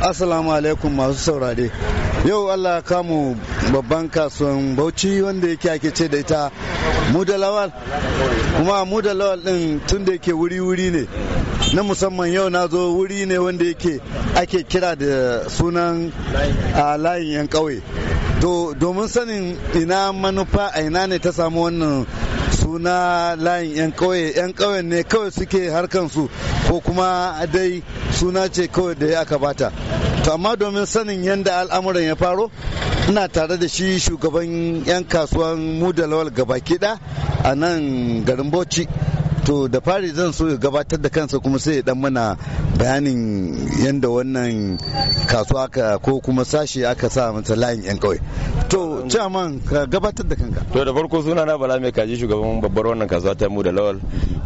Assalamu alaikum masu saurare. Yau Allah ya kamu babban kasuwan Bauchi wanda yake ake ce da ita lawal Kuma muda din tun da yake wuri-wuri ne. Na musamman yau na zo wuri ne wanda yake ake kira da sunan a layin 'yan ƙauye. To domin sanin ina manufa a ina ne ta samu wannan suna layin 'yan ƙauye 'yan ƙauyen ne kawai suke harkansu ko kuma dai suna ce kawai da ya bata to amma domin sanin yadda al'amuran ya faro ina tare da shi shugaban 'yan kasuwan mu da lawal gaba kiɗa a nan garin bauchi to da fari zan so ya gabatar da kansa kuma sai ya dan mana bayanin yadda wannan kasuwa ka ko kuma sashi aka sa mata layin yan kauye to chairman ka gabatar da kanka to da farko suna na bala mai kaji shugaban babbar wannan kasuwa ta mu da lawal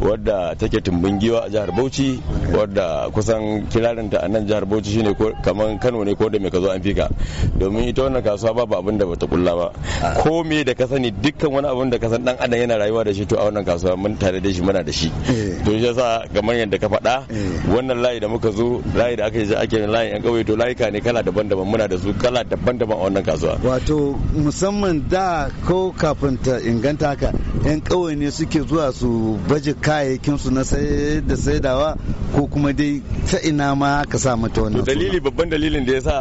wadda take tumbin giwa a jihar bauchi wadda kusan kirarinta a nan jihar bauchi shine kamar kano ne ko da mai ka zo an fika domin ita wannan kasuwa babu abin da bata kulla ba ko me da ka sani dukkan wani abin da ka san dan adam yana rayuwa da shi to a wannan kasuwa mun tare da shi muna da shi eh. to shi yasa kamar yadda ka faɗa eh. wannan layi da muka zo layi da aka yi ake yin layin yan kawai to layuka ne kala daban-daban muna da su kala daban-daban a wannan kasuwa wato musamman da ko kafin ta inganta haka yan kawai ne suke zuwa su baje ka kayayyakinsu na sayar da saidawa ko kuma dai ta ina ma ka sa mata wannan dalili babban dalilin da ya sa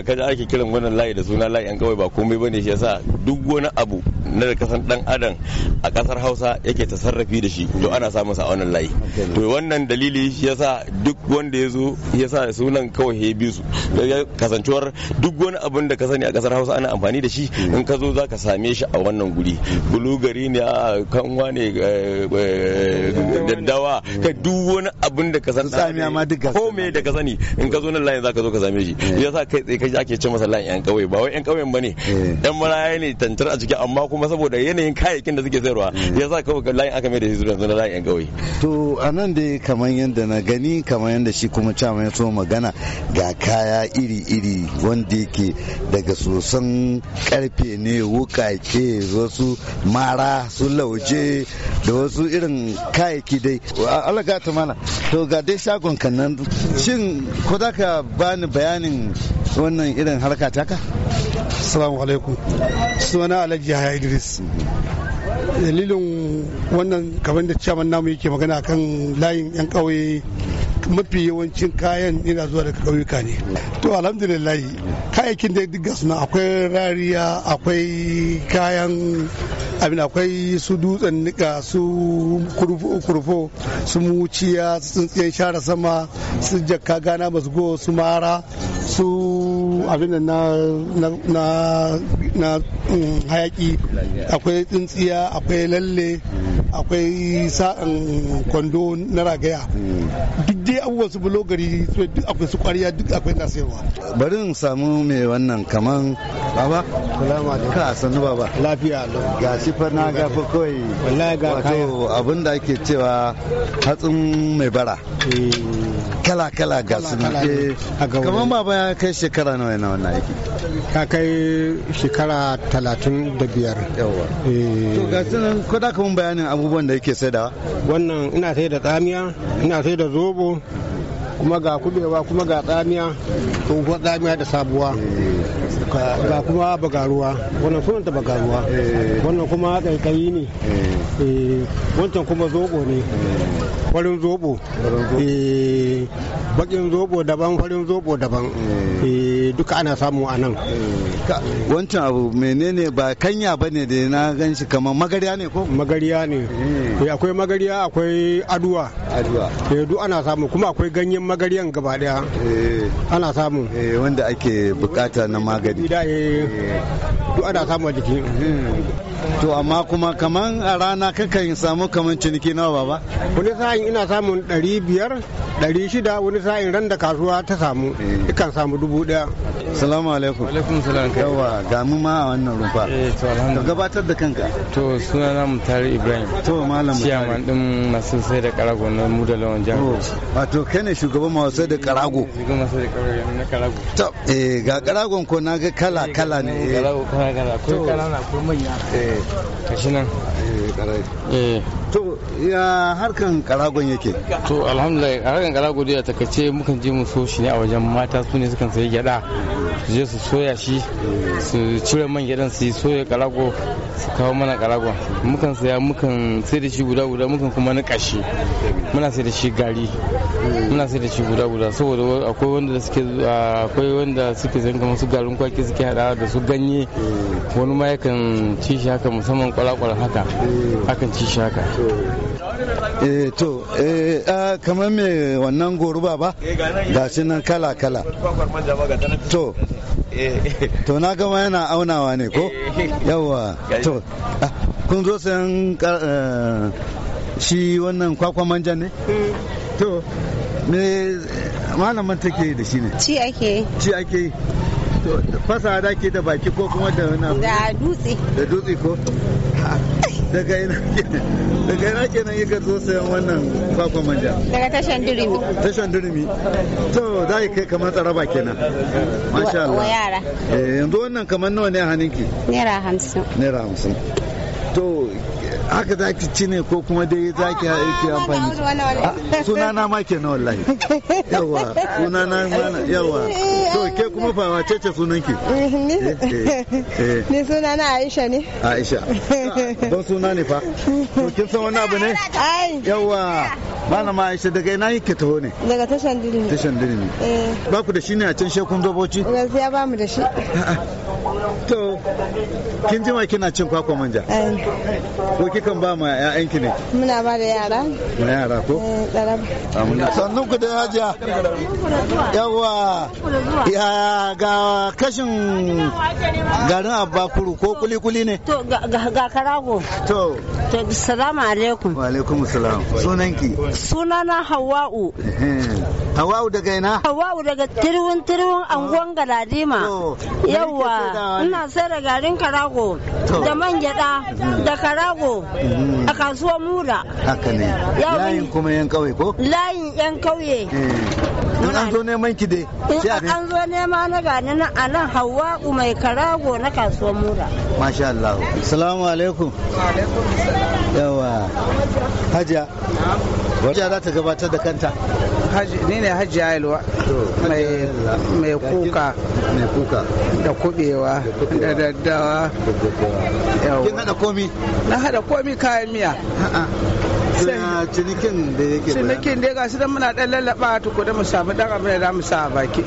kaji ake kiran wannan layi da suna layi an kawai ba komai bane shi yasa duk wani abu na da kasan dan adam a kasar hausa yake tasarrafi da shi to ana samun sa a wannan layi to wannan dalili shi yasa duk wanda ya zo ya sa sunan kawai ya bi su kasancewar duk wani abun da ka sani a kasar hausa ana amfani da shi in ka zo za ka same shi a wannan guri bulugari ne a kanwa ne eh, eh, daddawa ka duk wani abin da ka san tsamiya ma duk ka me da ka sani in ka zo nan layin zaka zo ka same shi eh. sa kai tsaye kai ake ce masa layin yan kauye ba wai yan kauyen bane dan eh. maraya ne tantar a ciki amma kuma saboda yanayin kayayyakin da suke sayarwa eh. Ya sa kawai layin aka mai da shi zuwa layin yan kauye to anan dai kamar yadda na gani kamar yadda shi kuma chama ya so magana ga kaya iri-iri wanda yake daga sosan karfe ne wukake wasu mara su lauje da wasu irin kayayyaki dai Allah ga ta to ga dai shagon kan nan shin ko za ka bani bayanin wannan irin harka taka assalamu alaikum suna alhaji yahya idris dalilin wannan kamar da ciyaman namu yake magana kan layin yan ƙauye mafi yawancin kayan ina zuwa daga ƙauyuka ne to alhamdulillah kayayyakin da duk suna akwai rariya akwai kayan abin akwai su dutsen nika su kurfo su muciya su tsintsiyen share sama su jakka gana masu go su mara su abin da na mm, hayaki akwai tsintsiya akwai lalle akwai sa'an kwando na ragaya duk dai abubuwan su bulogari akwai su kwariya duk akwai nasewa bari in samu mai wannan kaman baba salamu alaikum ka sannu baba lafiya lo ga sifar na ga fa kawai wallahi ga kaya wato abin da ake cewa hatsin mai bara eh. kala kala ga su ne eh, kamar baba ya kai shekara nawa yana wannan aiki ka kai shekara talatin da biyar yawa eh. to ga sunan ko da kamar bayanin abubuwan da yake saidawa wannan ina sai da tsamiya ina sai da zobo kuma ga kubewa kuma ga tsamiya tsohuwar tsamiya da sabuwa ga kuma bagaruwa wannan sunan ta bagaruwa wannan kuma kaikayi ne eh, wancan kuma zobo ne farin zobo eh, bakin zobo daban farin zobo daban eh, duka ana samu a nan wancan abu menene ba kanya ba ne da na gan shi kamar magariya ne ko magariya ne akwai magariya akwai aduwa aduwa duk ana samu kuma akwai ganyen magaryan gaba daya eh. ana samu eh, wanda ake bukata na magani eh. duk ana samu a jiki hmm. to amma kuma kaman a rana kakan samu kaman ciniki nawa baba wani sa'in ina samun 500 biyar shida wani sa'in ran da kasuwa ta samu eh. ikan samu dubu daya. salamu alaikum alaikum salam kai yawa ga mu ma a wannan rufa eh, to gabatar da kanka to suna na mutari ibrahim to malam ciyaman din masu sai da karago na mu da lawan jango wato kai ne shugaban masu da karago shugaban masu da karago na karago to eh ga karagon ko na ga kala kala eh, ne kala kala ko kala ko manya eh kashi nan eh to ya harkan karagon yake to alhamdulillah harkan karago da ta kace mukan je mu so shi ne a wajen mata su ne sukan sayi gyada su je su soya shi su cire man gyadan su yi soya karago su kawo mana karagon mukan saya mukan sai da shi guda guda mukan kuma na kashi muna sai da shi gari muna sai da shi guda guda saboda akwai wanda suke akwai wanda suke zanga musu garin kwaki suke hada da su ganye wani ma yakan ci shi haka musamman kwalakwal haka akan ci shi haka eh to eh ah, kamar me wannan goruba ba eh, ga shi nan kala kala to eh. to na gama yana aunawa ne ko eh. yawa to ah, kun zo sayan shi wannan kwakwa manja ne mm. to me malaman take da shi ne ci ake ci ake to fasa da ke da baki ko kuma da wani da dutse da dutse ko daga ina daga yana kenan yi garzo sayan wannan kwakwa manja daga tashan durimi tashan durimi to za yi kai kamar tsaraba kenan masha Allah wa yara eh, yanzu wannan kamar nawa ne a hannunki naira hamsin naira hamsin to haka za ki ci ne ko kuma dai za ki aiki ah, ah, amfani suna na ah, ma kenan wallahi yawa suna na yawa eh, eh, to ke eh, kuma fa wace ce sunan ki ni suna na Aisha ne Aisha don suna ne fa to kin san wani abu ne yawa bana ma Aisha daga ina yake taho ne daga tashan dilimi tashan dilimi ba ku da shi ne a can shekun zoboci gaskiya ba mu da shi To, kin jima kina cin kwakwa manja? Eh. Ko kan ba ma 'ya'yanki ne? Muna ba da yara. Ma yara ko? Eh, Ɗarab. Sannu ku da hajiya. Yawa. Ya ga kashin garin abakuru ko kuli-kuli ne? To, ga karago. To. To, salamu alaikum. Wa alaikum salam. Sunanki? Sunana Hawa'u. Eh. Hawa'u daga ina? Hawa'u daga tirwin tirwin ah. anguwan Galadima. Yawwa ina sai da garin karago da man gyada mm-hmm. da karago mm-hmm. a kasuwar Mura. Haka ne. Layin kuma yan kauye ko? Layin yan kauye. Eh. in an zo neman ki dai in an zo nema na gani na anan hawa'u mai karago na kasuwar mura masha Allah Salamu alaikum yawa hajiya Hajiya za ta gabatar da kanta. Ni ne Hajiya ailuwa mai kuka. Da kubewa. Da daddawa. Kin hada komi? Na hada komi kayan miya. cinikin da yake cinikin da ya gasu don muna dan lallaba tukuda mu samu dan abin da za mu sa baki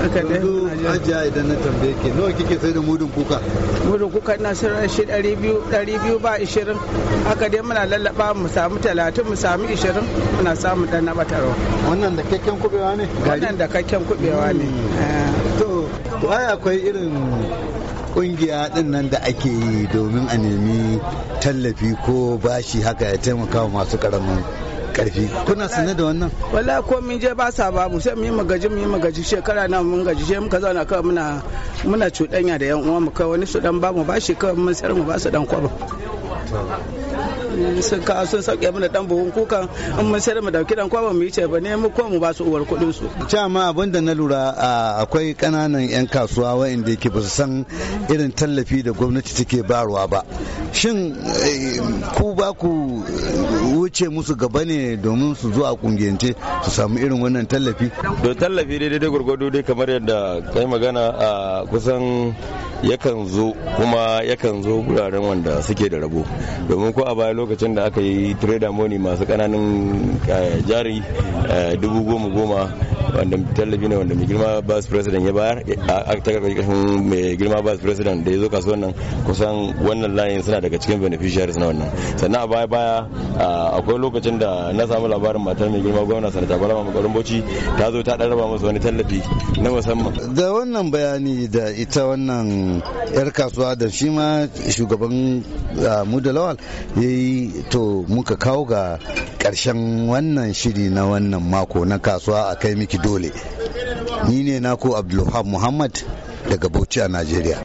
aka dai ajiya idan na tambaye ke nawa kike sai da mudun kuka mudun kuka ina sayar shi ɗari biyu ba ishirin haka dai muna lallaba mu samu talatin mu samu ishirin muna samu ɗan na ɓatarwa wannan da kakken kubewa ne wannan da kakken kubewa ne hmm. eh. to wai akwai irin kungiya din nan da ake yi domin a nemi tallafi ko bashi haka ya taimaka masu karamin karfi kuna sanar da wannan wala ko mun je ba sa ba mu sai mu yi magaji mu yi magaji shekara na mun gaji sai muka zauna kawai muna muna cuɗanya da yan uwa mu kawai wani su dan ba mu ba shi kawai mun sayar mu ba su dan kwaba sun ka sun sauke mana dan buhun kuka in mun sai mu dauki dan kwaba mu yi ce ba ne mu ko mu ba su uwar kudin su ma da na lura akwai kananan yan kasuwa waɗanda yake ba su san irin tallafi da gwamnati take barwa ba shin eh, ku ba ku wuce musu gaba ne domin su zuwa kungiyance su samu irin wannan tallafi to tallafi dai dai gurgudu dai kamar yadda kai magana a kusan yakan zo kuma yakan zo guraren wanda suke da rabo domin ko a baya lokacin da aka yi trader money masu kananan eh, jari eh, dubu goma goma wanda tallafi ne wanda mai girma vice president ya bayar a ta karkashin mai girma vice president da ya zo kasuwan nan kusan wannan layin suna daga cikin beneficiaries na wannan sannan a baya baya akwai lokacin da na samu labarin matar mai girma gwamna sanata balama makarin bauchi ta zo ta raba musu wani tallafi na musamman da wannan bayani da ita wannan yar kasuwa da shi ma shugaban muda lawal ya yi to muka kawo ga karshen wannan shiri na wannan mako na kasuwa a kai miki dole ni ne nako abdulwahab muhammad daga bauchi a najeriya